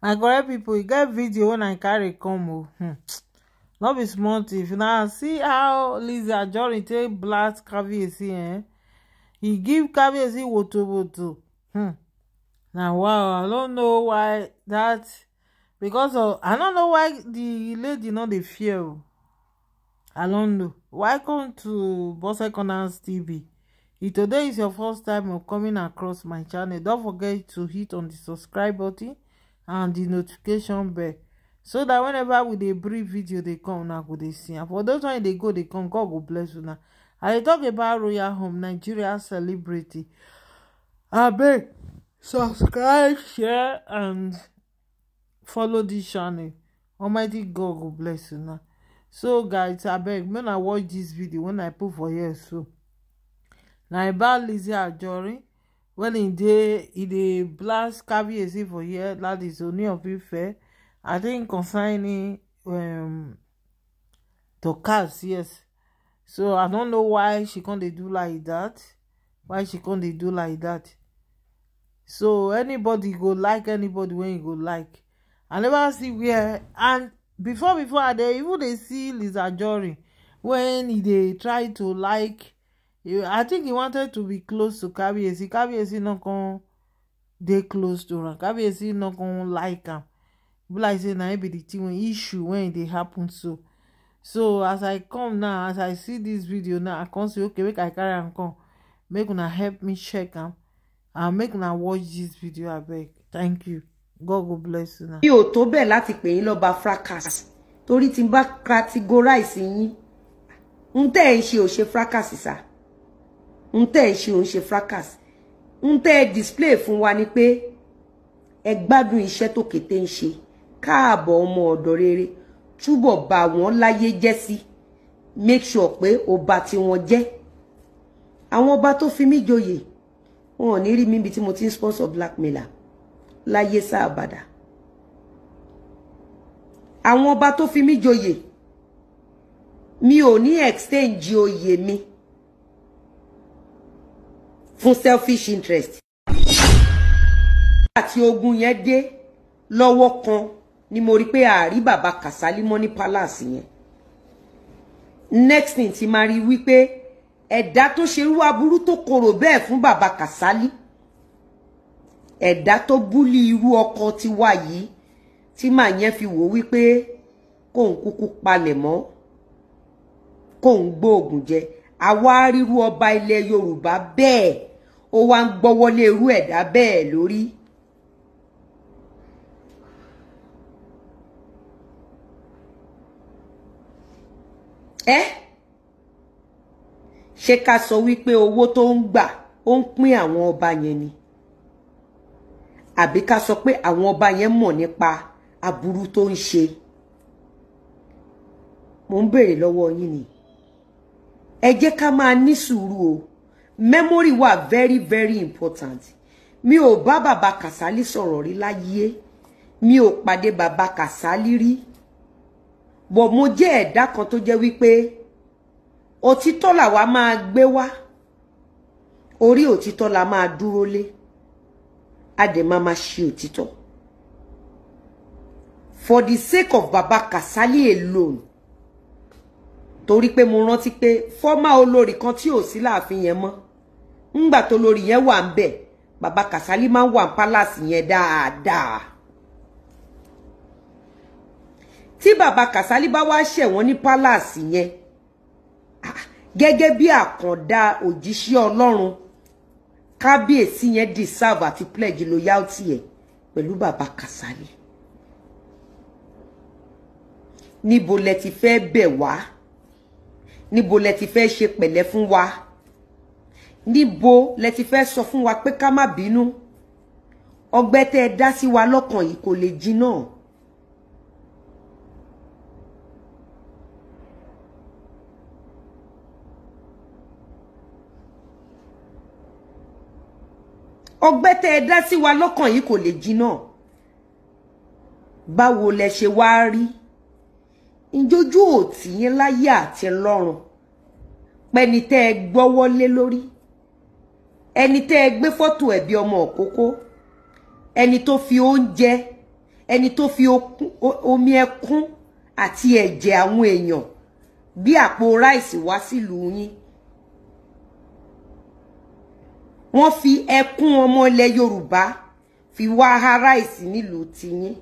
my correct people, you get video when i carry come o oh, hmm no be small thief na see how lizzie anjorin take blast caviarcy e, eh e give caviarcy wotowoto hmm Now wow i don't know why that because of i don't know why the lady not the fear oh. i don't know welcome to bose corners tv if today is your first time of coming across my channel don't forget to hit on the subscribe button and the notification bell so that whenever we dey bring video dey come una go dey see and for those one dey go dey come god go bless una i dey tok about royal home nigeria celebrity abeg subscribe share and follow this channel almighty god go bless una so guys abeg make una watch this video wen i put for here so na about lizzie ajori When e dey e dey blast kabiyesi for here that is Ooni of fair. i think concerning um, Dorcas yes so i don't know why she can't do like that why she can't do like that so anybody go like anybody when e go like i never see where and before before i dey even they see Lizzy Anjorin when they try to like i think he wanted to be close to kabiyesi kabiyesi not come they close to am kabiyesi not come like him. be like say na him be the thing when issue when they e happen so so as i come now as i see this video now i come say okay make i carry am come make una help me check him. and make una watch this video I beg. thank you god go bless una. mi ò tó bẹ́ẹ̀ láti pè yín lọ́ba fracas torí tí n bá categorize yín n tẹ́ ẹ̀ ń ṣe ò fracas isa ń tẹ́ ẹ̀ ṣe òun ṣe fracas ń tẹ́ ẹ display fún wa ni pé ẹ gbádùn iṣẹ́ tó kété ń ṣe káàbọ̀ ọmọ ọ̀dọ̀ rere túbọ̀ bà wọ́n láyé jẹ́ sí make sure pé o bà tí wọ́n jẹ́ àwọn ọba tó fi mí joyè wọn ò ní rí mi ibi tí mo ti ń sponsor blackmailer láyé sáàbàdà àwọn ọba tó fi mí joyè mi ò ní exchange oyè mi fún selfish interest. àti ogun yẹn dé lọ́wọ́ kan ni mo rí pé àárí bàbá Kàsálí mọ́ ní palace yẹn next thing ti máa rí wípé ẹ̀dá tó ṣerú aburú tó korò bẹ́ẹ̀ fún bàbá Kàsálí ẹ̀dá tó búlí irú ọkọ ti wá yìí tí màá yẹn fi wò wípé kóun kúkú palẹ̀ mọ́ kóun gbóògùn jẹ àwa ríru ọba ilẹ̀ Yorùbá bẹ́ẹ̀ ó wá ń gbọ́wọ́ lé irú ẹ̀dá bẹ́ẹ̀ lórí. ẹ ṣé ká sọ wípé owó tó ń gbà ó ń pín àwọn ọba yẹn ni àbí ká sọ pé àwọn ọba yẹn mọ̀ nípa aburú tó ń ṣe mo ń béèrè lọ́wọ́ yín ni ẹ jẹ́ ká máa ní sùúrù o memory wa very very important mi o bá bàbá Kàsálí sọ̀rọ̀ rí láyé mi o pàdé baba Kàsálí rí bọ̀ mo jẹ́ ẹ̀dá kan tó jẹ́ wípé òtítọ́ làwa máa gbé wá orí òtítọ́ la máa dúró lé a dẹ̀ máa máa ṣe òtítọ́ for the sake of baba Kasali alone Tori pe mo rántí pé fọ́mà olórí kan tí ò sí láàfin yẹn mọ́ ńgbà tó lórí yẹn wà ń bẹ̀ bàbá Kàsálí máa ń wà ń pálásì yẹn dáadáa tí bàbá Kàsálí bá wá ṣẹ̀wọ̀n ní pálásì yẹn ah, gẹ́gẹ́ bí àkàndá òjíṣẹ́ Ọlọ́run kábíyèsí yẹn deserve àti pledge loyalty ẹ̀ pẹ̀lú bàbá ni níbo lẹ ti fẹ́ bẹ̀ wá níbo lẹ ti fẹ́ ṣe pẹ̀lẹ́ fún wa níbo lẹ ti fẹ́ sọ fún wa pé ká má bínú ọgbẹ́ tẹ́ ẹ dá sí wa lọ́kàn yìí kò lè jinná. ọgbẹ́ tẹ́ ẹ dá sí wa lọ́kàn yìí kò lè jinná báwo lẹ ṣe wá rí ìjójú òtí yín láyé àti lọ́rùn pẹ́ni tẹ́ ẹ gbọ́wọ́ lé lórí ẹni tẹ́ ẹ gbé fọ́tò ẹ̀ bí ọmọ òkókó ẹni tó fi oúnjẹ ẹni tó fi omi ẹkún àti ẹ̀jẹ̀ àwọn èèyàn bí àpò ráìsì wá sílùú yín wọ́n fi ẹkún ọmọ ilẹ̀ Yorùbá fi wá ha ráìsì nílùú tiyín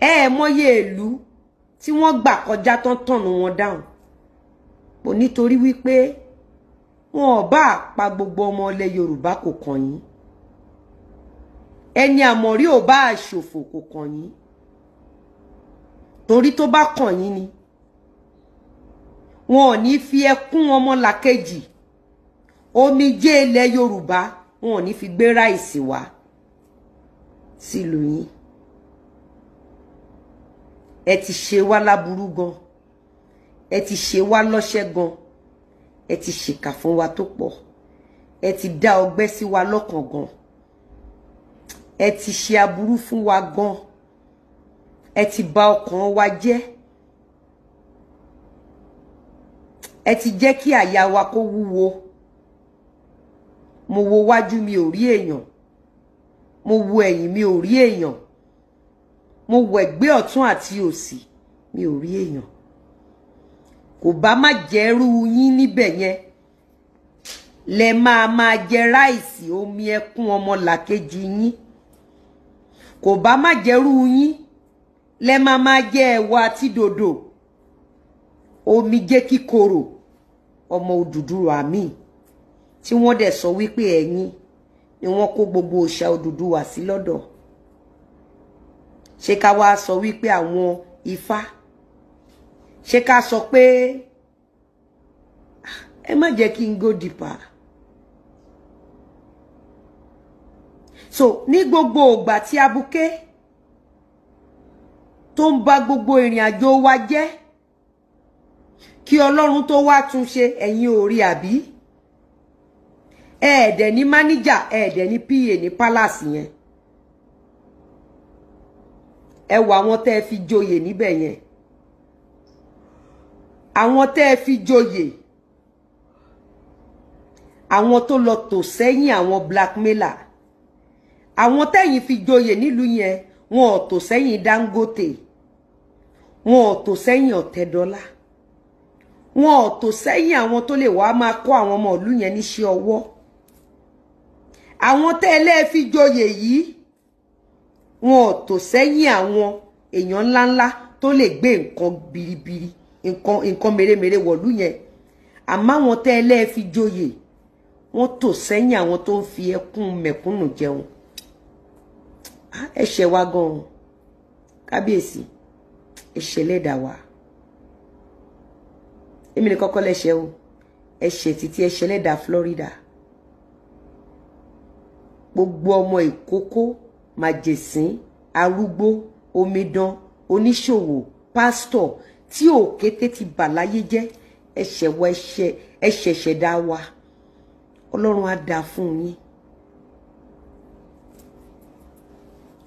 ẹ ẹ mọyé ìlú tí wọ́n gbà kọjá tán tọ̀nù wọn dáhùn kò nítorí wípé wọn ò bá pa gbogbo ọmọ ilẹ̀ yorùbá kò kàn yín ẹni àmọ̀rí ò bá àṣòfò kò kàn yín torí tó bá kàn yín ni wọn ò ní fi ẹkún ọmọ làkejì omijé ilẹ̀ yorùbá wọn ò ní fi gbé ráìsì wá sílùú yín ẹ ti ṣe wá láburú gan ẹ ti ṣe wá lọ́ṣẹ́ gan ẹ ti ṣìkà fún wa tó pọ̀ ẹ ti dá ọgbẹ́ sí wa lọ́kàn gan ẹ ti ṣe aburú fún wa gan ẹ ti bà ọkàn wa jẹ́ ẹ ti jẹ́ kí àyà wa kó wúwo mo wo wájú mi ò rí èèyàn mo wo ẹ̀yìn mi ò rí èèyàn mo wo ẹ̀gbẹ́ àti òsì mi ò rí èèyàn kò bá má jẹ́rú yín níbẹ̀ yẹn lẹ máa máa jẹ ráìsì omi ẹkún ọmọ làkejì yín kò bá má jẹ́rú yín lẹ máa máa jẹ ẹ̀wà àti dòdò omi jẹ́ kíkorò ọmọ Odùduwà mi tí wọ́n dẹ̀ sọ wípé ẹ̀yin ni wọ́n kó gbogbo òòṣà Odùduwà sí lọ́dọ̀ ṣé ká wá sọ wípé àwọn ifá ṣé ká sọ pé ẹ má jẹ́ kí go deeper so ni gbogbo ìgbà tí abuké tó ń ba gbogbo ìrìn àjò wa jẹ́ kí ọlọ́run tó wá tún ṣe ẹ̀yin ò rí àbí ẹ̀ẹ̀dẹ̀ ní máníjà ẹ̀ẹ̀dẹ̀ ní pa ní palace yẹn ẹ wà wọn tẹ́ fi joyè níbẹ̀ yẹn àwọn tẹ́ ẹ fi joyè àwọn tó lọ tò sẹ́yìn àwọn blackmailer àwọn tẹ́yìn fi joyè nílùú yẹn wọn ò tò sẹ́yìn Dangote wọn ò tò sẹ́yìn Ọ̀tẹ́dọ́lá wọn ò tò sẹ́yìn àwọn tó lè wàá máa kọ́ àwọn ọmọ ìlú yẹn níṣẹ́ ọwọ́ àwọn tẹ́lẹ̀ fi joyè yìí wọn ò tò sẹ́yìn àwọn èèyàn ńláńlá tó lè gbé nǹkan biribiri nǹkan nǹkan mèremère wọ̀lú yẹn àmọ́ àwọn tẹ́ ẹ lẹ́ẹ̀ fi joyè wọ́n tò sẹ́yìn àwọn tó ń fi ẹkún mẹ̀kúnnù jẹun ẹ̀ṣẹ̀ wa gan-an kábíyèsí ẹ̀ṣẹ̀ lẹ́dà wa èmi ní kọ́kọ́ lẹ́ṣẹ̀ o ẹ̀ṣẹ̀ títí ẹ̀ṣẹ̀ lẹ́dà Florida gbogbo ọmọ ìkókó màjèsín arúgbó omidan oníṣòwò pásítọ̀ tí òkété ti bà láyé jẹ́ ẹ̀ṣẹ̀ wa ẹ̀ṣẹ̀ ẹ̀ṣẹ̀ ṣẹ̀dá wa ọlọ́run á dáa fún yín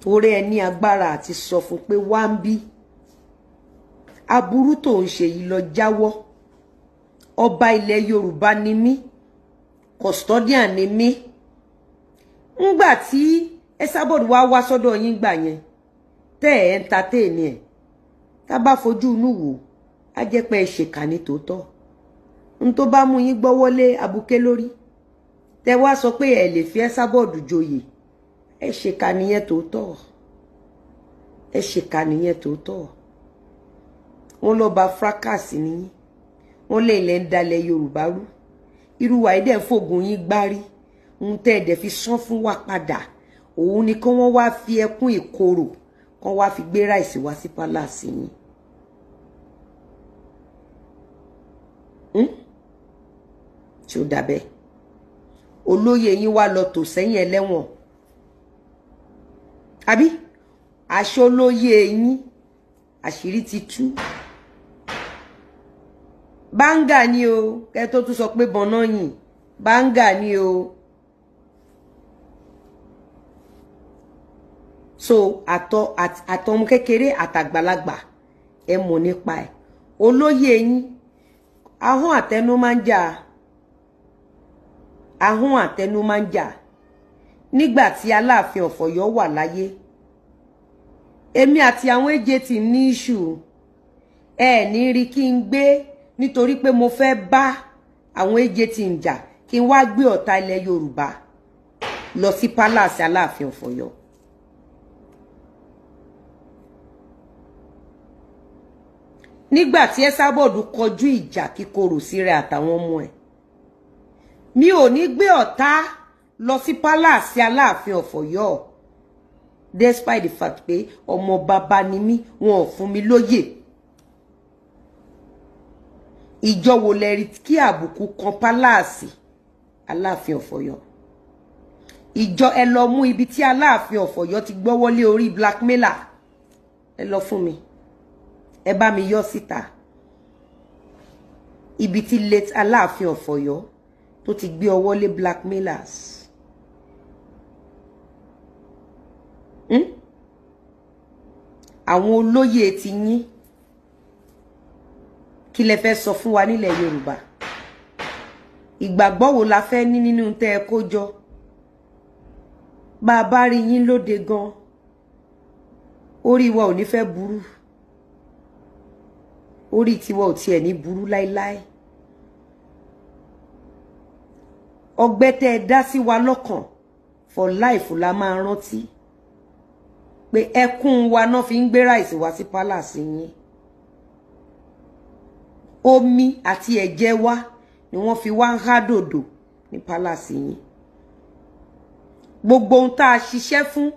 torí ẹ ní agbára àti sọ fún pé wá ń bí aburú tó ń ṣe yìí lọ jáwọ́ ọba ilẹ̀ Yorùbá ni mí custodian ni mí ńgbà tí Esabod wá wá sọ́dọ̀ yín gbà yẹn tẹ́ ẹ̀ entertain ẹ̀ tá bá fojú inú wò á jẹ́ pé ẹ ṣèkà ní tòótọ́ n tó bá mú yín gbọ́wọ́lé abuké lórí tẹ wá sọ pé ẹ lè fi ẹ sábọọdù joyè ẹ ṣèkà nìyẹn tòótọ́ ẹ ṣèkà nìyẹn tòótọ́ wọn lọ ba fracas nìyí wọn lè ilẹ̀ ń dalẹ̀ yorùbá rú irú wa ẹ̀dẹ̀ fògùn yín gbárí ohun tẹ́ ẹ̀dẹ̀ fi sán fún wa padà òun ni kí wọ́n wá fi ẹkún ìkorò kán wá fi gbé ráìsì wá sí pálásì yín. tí ó dàbẹ́ olóyè yín wá lọ tò sẹ́yìn ẹlẹ́wọ̀n àbí aṣọ olóyè yín àṣírí ti tú báńgà ni o kẹ́ tó tún sọ pé bọ́nà yìn báńgà ni o. so ato at kékeré àtàgbàlagbà ẹ mọ̀ nípa ẹ̀ olóyè yín ahọ́n àtẹnu máa ń jà ahọ́n àtẹnu máa ń jà nígbà tí aláàfin ọ̀fọ̀yọ́ wà láyé èmi àti àwọn èjè ti ní iṣu ẹ ní rí kí n gbé nítorí pé mo fẹ́ bá àwọn èjè ti ń jà kí n wá gbé ọ̀tá ilẹ̀ Yorùbá lọ sí palace aláàfin nígbà tí Ẹsábọ̀dù kọjú ìjà kíkorò síra àtàwọn ọmọ ẹ̀ mi ò ní gbé ọ̀tá lọ sí pálàsì aláàfin of Ọ̀yọ́ despite the fact pé ọmọ bàbá ni mí wọn ò fún mi lóyè ìjọ wo lẹ rí kí àbùkù kan pálàsì aláàfin of Ọ̀yọ́ ìjọ ẹ lọ mú ibi tí aláàfin of Ọ̀yọ́ ti gbọ́wọ́lé orí blackmailer ẹ lọ fún mi ẹ bá mi yọ síta ibi tí late aláàfin of Ọ̀yọ́ tó ti gbé ọwọ́ lé blackmailers. Hmm? àwọn olóyè ti yín kí lẹ fẹ́ sọ fún wa nílẹ̀ Yorùbá ìgbàgbọ́ wo la fẹ́ ní nínú tẹ́ ẹ kó jọ bá a bá rí yín lóde gan orí wa ò ní fẹ́ burú orí tiwa ò tiẹ̀ ní burú láéláé ọgbẹ́ tẹ́ ẹ dá sí wa lọ́kàn for life la máa rántí pé ẹkún wa náà fi ń gbé ráìsì wá sí pálàsì yín omi àti ẹ̀jẹ̀ wa ni wọ́n fi wá ń há dòdò ní pálàsì yín gbogbo ohun tá a ṣiṣẹ́ fún